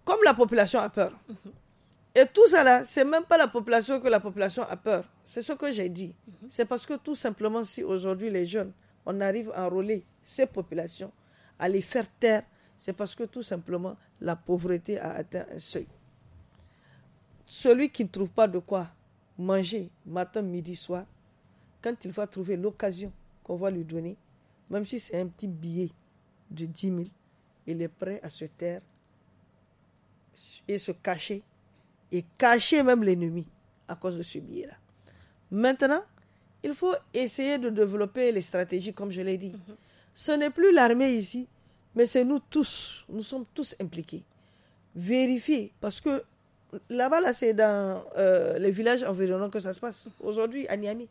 comme la population a peur, et tout ça là, c'est même pas la population que la population a peur. C'est ce que j'ai dit. C'est parce que tout simplement, si aujourd'hui les jeunes, on arrive à enrôler ces populations, à les faire taire, c'est parce que tout simplement la pauvreté a atteint un seuil. Celui qui ne trouve pas de quoi manger matin, midi, soir, quand il va trouver l'occasion qu'on va lui donner, même si c'est un petit billet de 10 000, il est prêt à se taire et se cacher, et cacher même l'ennemi à cause de ce billet-là. Maintenant, il faut essayer de développer les stratégies, comme je l'ai dit. Mhm. Ce n'est plus l'armée ici, mais c'est nous tous. Nous sommes tous impliqués. Vérifier, parce que là-bas, là, c'est dans euh, les villages environnants que ça se passe. Mhm. Aujourd'hui, à Niamey.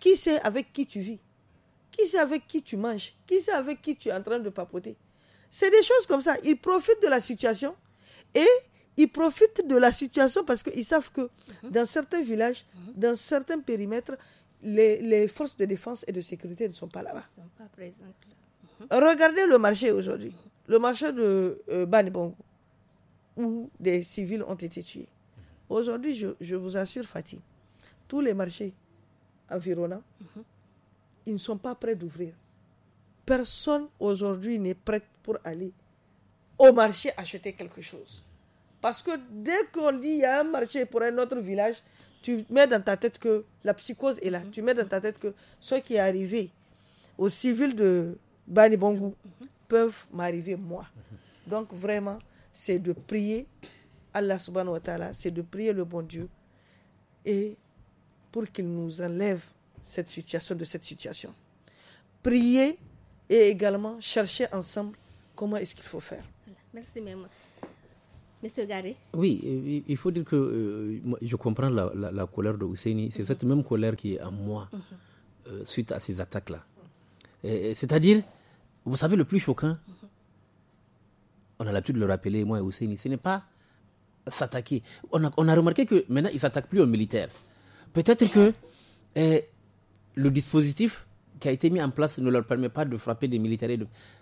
Qui sait avec qui tu vis Qui sait avec qui tu manges Qui sait avec qui tu es en train de papoter C'est des choses comme ça. Ils profitent de la situation et ils profitent de la situation parce qu'ils savent que mhm. dans certains villages, mhm. dans certains périmètres, les, forces de défense et de sécurité ne sont pas là-bas. Mhm. Regardez le marché aujourd'hui, le marché de euh, Banibongo, où des civils ont été tués. Aujourd'hui, je vous assure, Fatih, tous les marchés environnants, mhm. ils ne sont pas prêts d'ouvrir. Personne aujourd'hui n'est prêt pour aller au marché acheter quelque chose. Parce que dès qu'on dit il y a un marché pour un autre village, tu mets dans ta tête que la psychose est là. Mhm. Tu mets dans ta tête que ce qui est arrivé aux civils de Bani Bongo mhm. peuvent m'arriver moi. Donc vraiment, c'est de prier Allah subhanahu wa ta'ala, c'est de prier le bon Dieu et pour qu'il nous enlève cette situation de cette situation. Prier et également chercher ensemble comment est-ce qu'il faut faire. Merci, Mme. M. Garé. Oui, il faut dire que euh, je comprends la, colère de Husseini. C'est cette même colère qui est en moi mhm. euh, suite à ces attaques-là. C'est-à-dire, vous savez, le plus choquant, mhm. on a l'habitude de le rappeler, moi et Husseini, ce n'est pas s'attaquer. On a, on a, remarqué que maintenant, ils ne s'attaquent plus aux militaires. Peut-être que eh, le dispositif qui a été mis en place ne leur permet pas de frapper des militaires.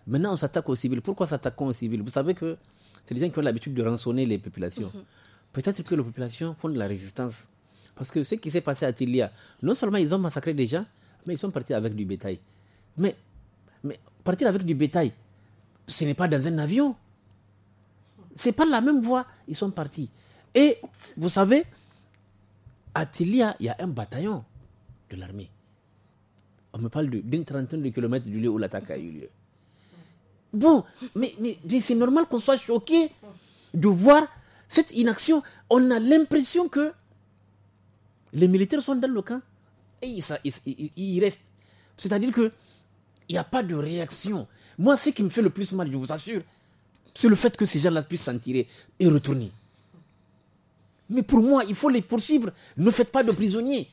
Maintenant, on s'attaque aux civils. Pourquoi s'attaquons aux civils Vous savez que c'est des gens qui ont l'habitude de rançonner les populations. Mhm. Peut-être que les populations font de la résistance. Parce que ce qui s'est passé à Tilia, non seulement ils ont massacré des gens, mais ils sont partis avec du bétail. Mais, mais partir avec du bétail, ce n'est pas dans un avion. C'est pas la même voie. Ils sont partis. Et vous savez, à Tilia, il y a un bataillon de l'armée. On me parle d'une trentaine de kilomètres du lieu où l'attaque a eu lieu. Bon, mais, c'est normal qu'on soit choqué de voir cette inaction. On a l'impression que les militaires sont dans le camp et ils, ils restent. C'est-à-dire qu'il n'y a pas de réaction. Moi, ce qui me fait le plus mal, je vous assure, c'est le fait que ces gens-là puissent s'en tirer et retourner. Mais pour moi, il faut les poursuivre. Ne faites pas de prisonniers.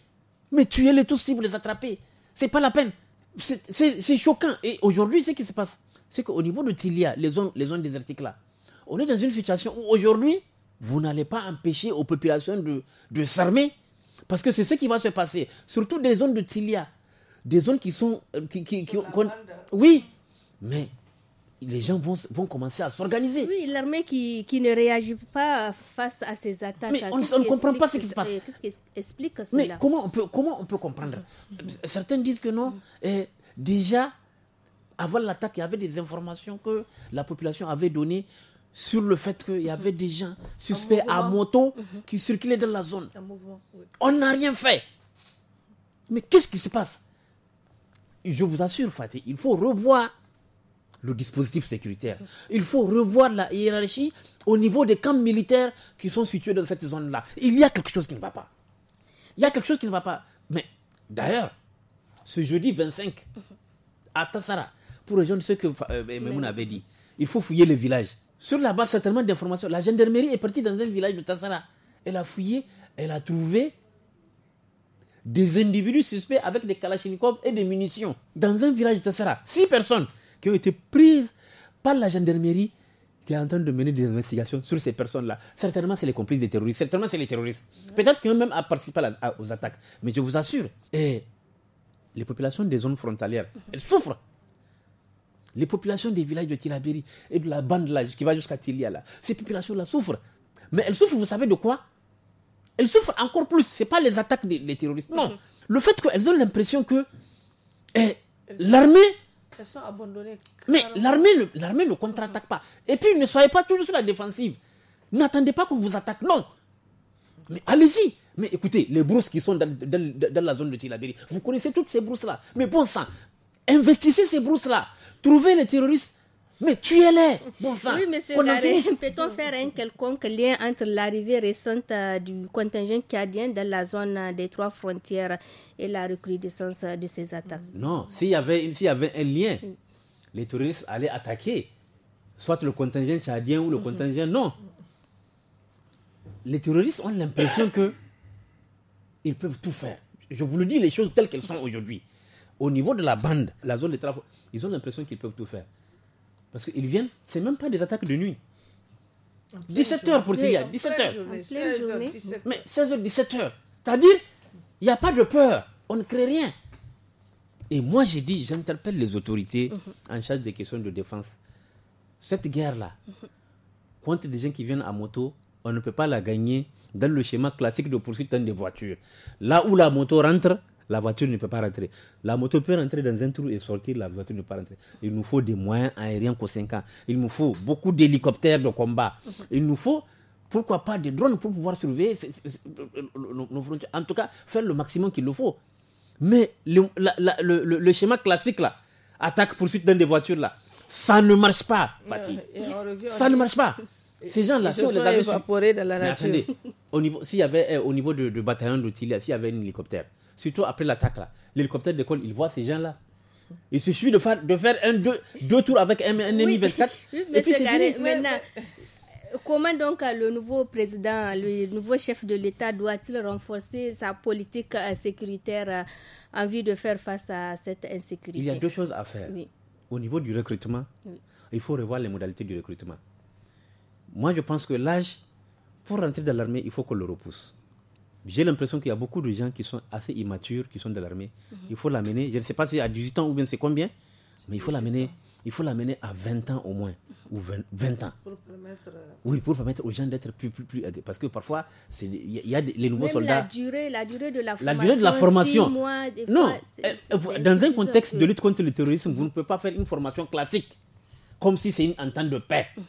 Mais tuez-les tous si vous les attrapez. C'est pas la peine. C'est choquant. Et aujourd'hui, ce qui se passe, c'est qu'au niveau de Tilia, les zones, les zones désertiques là, on est dans une situation où aujourd'hui, vous n'allez pas empêcher aux populations de, s'armer. Parce que c'est ce qui va se passer. Surtout des zones de Tilia. Des zones qui sont. Euh, qui, qui, oui, mais les gens vont, commencer à s'organiser. Oui, l'armée qui, ne réagit pas face à ces attaques. Mais on, ne comprend pas ce qui se passe. Qu'est-ce qui explique Mais comment on peut, comment on peut comprendre Certains disent que non. Et déjà, avant l'attaque, il y avait des informations que la population avait données sur le fait qu'il y avait des gens suspects à moto mhm. qui circulaient dans la zone. On n'a rien fait. Mais qu'est-ce qui se passe Je vous assure, Fatih, il faut revoir le dispositif sécuritaire. Il faut revoir la hiérarchie au niveau des camps militaires qui sont situés dans cette zone-là. Il y a quelque chose qui ne va pas. Il y a quelque chose qui ne va pas. Mais d'ailleurs, ce jeudi 25, à Tassara, pour rejoindre ce que euh, Memoun avait dit, il faut fouiller le village. Sur la base certainement d'informations, la gendarmerie est partie dans un village de Tassara. Elle a fouillé, elle a trouvé des individus suspects avec des kalachnikovs et des munitions dans un village de Tassara. Six personnes qui ont été prises par la gendarmerie qui est en train de mener des investigations sur ces personnes-là. Certainement, c'est les complices des terroristes. Certainement, c'est les terroristes. Peut-être qu'ils ont même participé aux attaques. Mais je vous assure, eh, les populations des zones frontalières, mhm. elles souffrent. Les populations des villages de Tilabiri et de la bande là, qui va jusqu'à Tilia, là, ces populations-là souffrent. Mais elles souffrent, vous savez de quoi Elles souffrent encore plus. Ce n'est pas les attaques des terroristes. Non. Mhm. Le fait qu'elles ont l'impression que eh, l'armée mais l'armée ne l'armée contre-attaque pas. Mhm. Et puis ne soyez pas toujours sur la défensive. N'attendez pas qu'on vous attaque. Non. Mais allez-y. Mais écoutez, les brousses qui sont dans, la zone de Tilabéry, vous connaissez toutes ces brousses-là. Mais bon sang, investissez ces brousses-là. Trouvez les terroristes mais tu les Bon sang Oui, monsieur peut-on faire un quelconque lien entre l'arrivée récente euh, du contingent tchadien dans la zone euh, des trois frontières et la recrudescence euh, de ces attaques Non, s'il y, avait, y avait un lien, mm. les terroristes allaient attaquer soit le contingent tchadien ou le mm-hmm. contingent non. Les terroristes ont l'impression que ils peuvent tout faire. Je vous le dis, les choses telles qu'elles sont aujourd'hui. Au niveau de la bande, la zone des frontières ils ont l'impression qu'ils peuvent tout faire. Parce qu'ils viennent, c'est même pas des attaques de nuit. 17h pour Tilia, 17h. Mais 16h, 17h. C'est-à-dire, il n'y a pas de peur, on ne crée rien. Et moi, j'ai dit, j'interpelle les autorités mhm. en charge des questions de défense. Cette guerre-là, mhm. contre des gens qui viennent à moto, on ne peut pas la gagner dans le schéma classique de poursuite dans des voitures. Là où la moto rentre, la voiture ne peut pas rentrer. La moto peut rentrer dans un trou et sortir, la voiture ne peut pas rentrer. Il nous faut des moyens aériens ans. Il nous faut beaucoup d'hélicoptères de combat. Il nous faut, pourquoi pas, des drones pour pouvoir surveiller nos frontières. En tout cas, faire le maximum qu'il le faut. Mais le, schéma classique, là, attaque, poursuite dans des voitures, là, ça ne marche pas, Fatih. Ça ne marche pas. Ces gens-là, Ils on les évaporés dans la nature. attendez, s'il y avait euh, au niveau de, bataillon d'outil, s'il y avait un hélicoptère, surtout après l'attaque là. L'hélicoptère décolle, il voit ces gens-là. Il suffit de faire, de faire un, deux, tours avec un, ennemi oui. 24. Maintenant, comment donc euh, le nouveau président, le nouveau chef de l'État doit-il renforcer sa politique euh, sécuritaire euh, en vue de faire face à cette insécurité Il y a deux choses à faire. Au niveau du recrutement, il faut revoir les modalités du recrutement. Moi, je pense que l'âge, pour rentrer dans l'armée, il faut qu'on le repousse j'ai l'impression qu'il y a beaucoup de gens qui sont assez immatures, qui sont de l'armée. Mhm. Il faut l'amener, je ne sais pas si à 18 ans ou bien c'est combien, mais il faut l'amener. Il faut l'amener à 20 ans au moins, ou 20, ans. Pour permettre... Euh, oui, pour permettre aux gens d'être plus, plus, Parce que parfois, il y, a les nouveaux soldats. La durée, la durée de la formation. La de non, eh, eh, dans un contexte de lutte contre le terrorisme, vous ne pouvez pas faire une formation classique, comme si c'est une entente de paix. Mhm.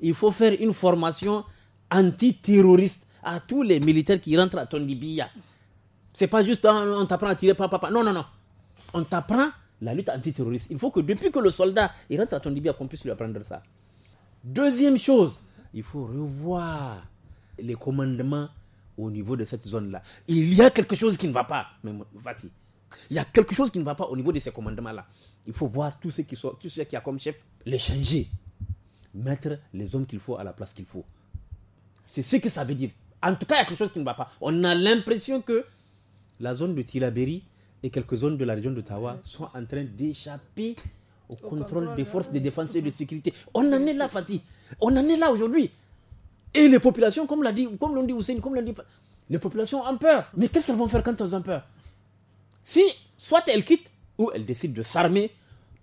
Il faut faire une formation antiterroriste à tous les militaires qui rentrent à Tondibia. C'est pas juste hein, on, t'apprend à tirer, papa, papa. Non, non, non. On t'apprend la lutte antiterroriste. Il faut que depuis que le soldat il rentre à Tondibia, qu'on puisse lui apprendre ça. Deuxième chose, il faut revoir les commandements au niveau de cette zone-là. Il y a quelque chose qui ne va pas, Il y a quelque chose qui ne va pas au niveau de ces commandements-là. Il faut voir tous ceux qui sont, tous ceux qui a comme chef, les changer, mettre les hommes qu'il faut à la place qu'il faut. C'est ce que ça veut dire. En tout cas, il y a quelque chose qui ne va pas. On a l'impression que la zone de Tilaberi et quelques zones de la région d'Ottawa sont en train d'échapper au, contrôle, des forces de défense et de sécurité. On en est là, Fatih. On en est là aujourd'hui. Et les populations, comme l'a dit, comme l'ont dit Hussein, comme l'ont dit, les populations ont peur. Mais qu'est-ce qu'elles vont faire quand elles ont peur Si, soit elles quittent, ou elles décident de s'armer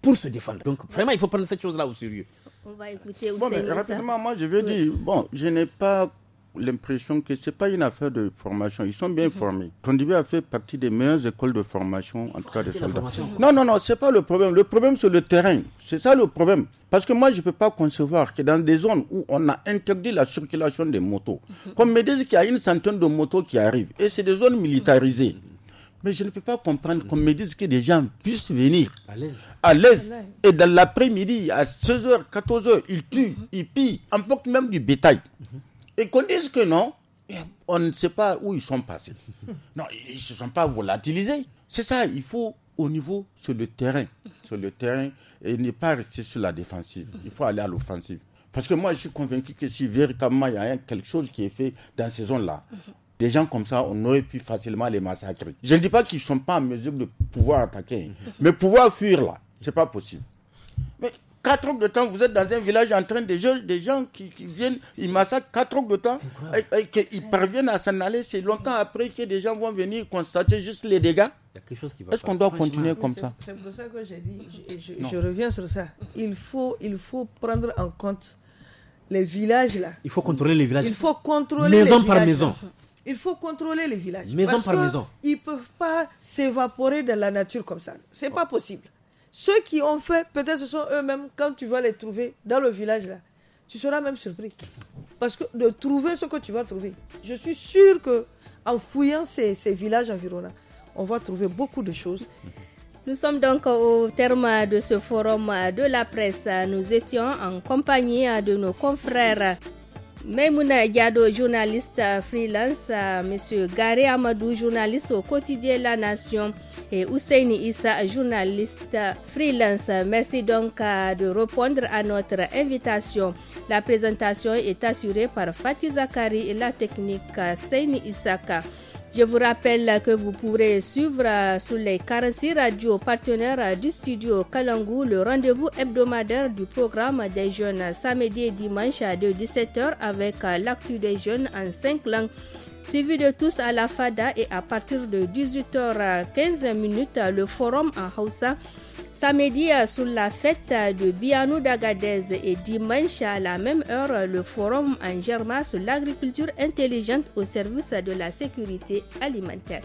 pour se défendre. Donc vraiment, il faut prendre cette chose-là au sérieux. On va écouter Hussein, bon, rapidement, moi, je veux dire, bon, je n'ai pas l'impression que ce n'est pas une affaire de formation. Ils sont bien mhm. formés. Tondibé a fait partie des meilleures écoles de formation, en tout cas de soldats. Non, non, non, ce n'est pas le problème. Le problème, c'est le terrain. C'est ça le problème. Parce que moi, je ne peux pas concevoir que dans des zones où on a interdit la circulation des motos, comme mhm. me dise qu'il y a une centaine de motos qui arrivent. Et c'est des zones militarisées. Mhm. Mais je ne peux pas comprendre qu'on me dise que des gens puissent venir à l'aise. Et dans l'après-midi, à 16h, 14h, ils tuent, ils pillent, emportent même du bétail et qu'on dise que non, on ne sait pas où ils sont passés. Non, ils ne se sont pas volatilisés. C'est ça, il faut au niveau sur le terrain. Sur le terrain, et ne pas rester sur la défensive. Il faut aller à l'offensive. Parce que moi, je suis convaincu que si véritablement il y a quelque chose qui est fait dans ces zones-là, mhm. des gens comme ça, on aurait pu facilement les massacrer. Je ne dis pas qu'ils ne sont pas en mesure de pouvoir attaquer, mhm. mais pouvoir fuir là, ce n'est pas possible. Mais Quatre heures de temps, vous êtes dans un village en train de jouer des gens qui, viennent, ils massacrent quatre heures de temps, et, qu'ils parviennent à s'en aller. C'est longtemps après que des gens vont venir constater juste les dégâts. Est-ce qu'on doit continuer comme ça C'est pour ça que j'ai dit, je, reviens sur ça. Il faut, il faut prendre en compte les villages là. Il faut contrôler les villages. Il faut contrôler maison les par villages. maison. Il faut contrôler les villages. Maison par maison. Ils peuvent pas s'évaporer dans la nature comme ça. C'est oh. pas possible. Ceux qui ont fait, peut-être ce sont eux-mêmes, quand tu vas les trouver dans le village là, tu seras même surpris. Parce que de trouver ce que tu vas trouver, je suis sûr que en fouillant ces, ces villages environnants, on va trouver beaucoup de choses. Nous sommes donc au terme de ce forum de la presse. Nous étions en compagnie de nos confrères Maimouna Diado, journaliste euh, freelance, euh, Monsieur Garé Amadou, journaliste au quotidien La Nation et Ousseini Issa, journaliste euh, freelance. Merci donc de répondre à notre invitation. La présentation est assurée par Fatih Zakari et la technique Seini Issaka. Je vous rappelle que vous pourrez suivre euh, sur les 46 radios partenaires euh, du studio Kalangou le rendez-vous hebdomadaire du programme des jeunes samedi et dimanche à 17h avec euh, l'actu des jeunes en 5 langues suivi de tous à la FADA et à partir de 18h15 le forum en Hausa. Samedi, euh, sur la fête de Bianou d'Agadez et dimanche à la même heure, le forum en Germain sur l'agriculture intelligente au service de la sécurité alimentaire.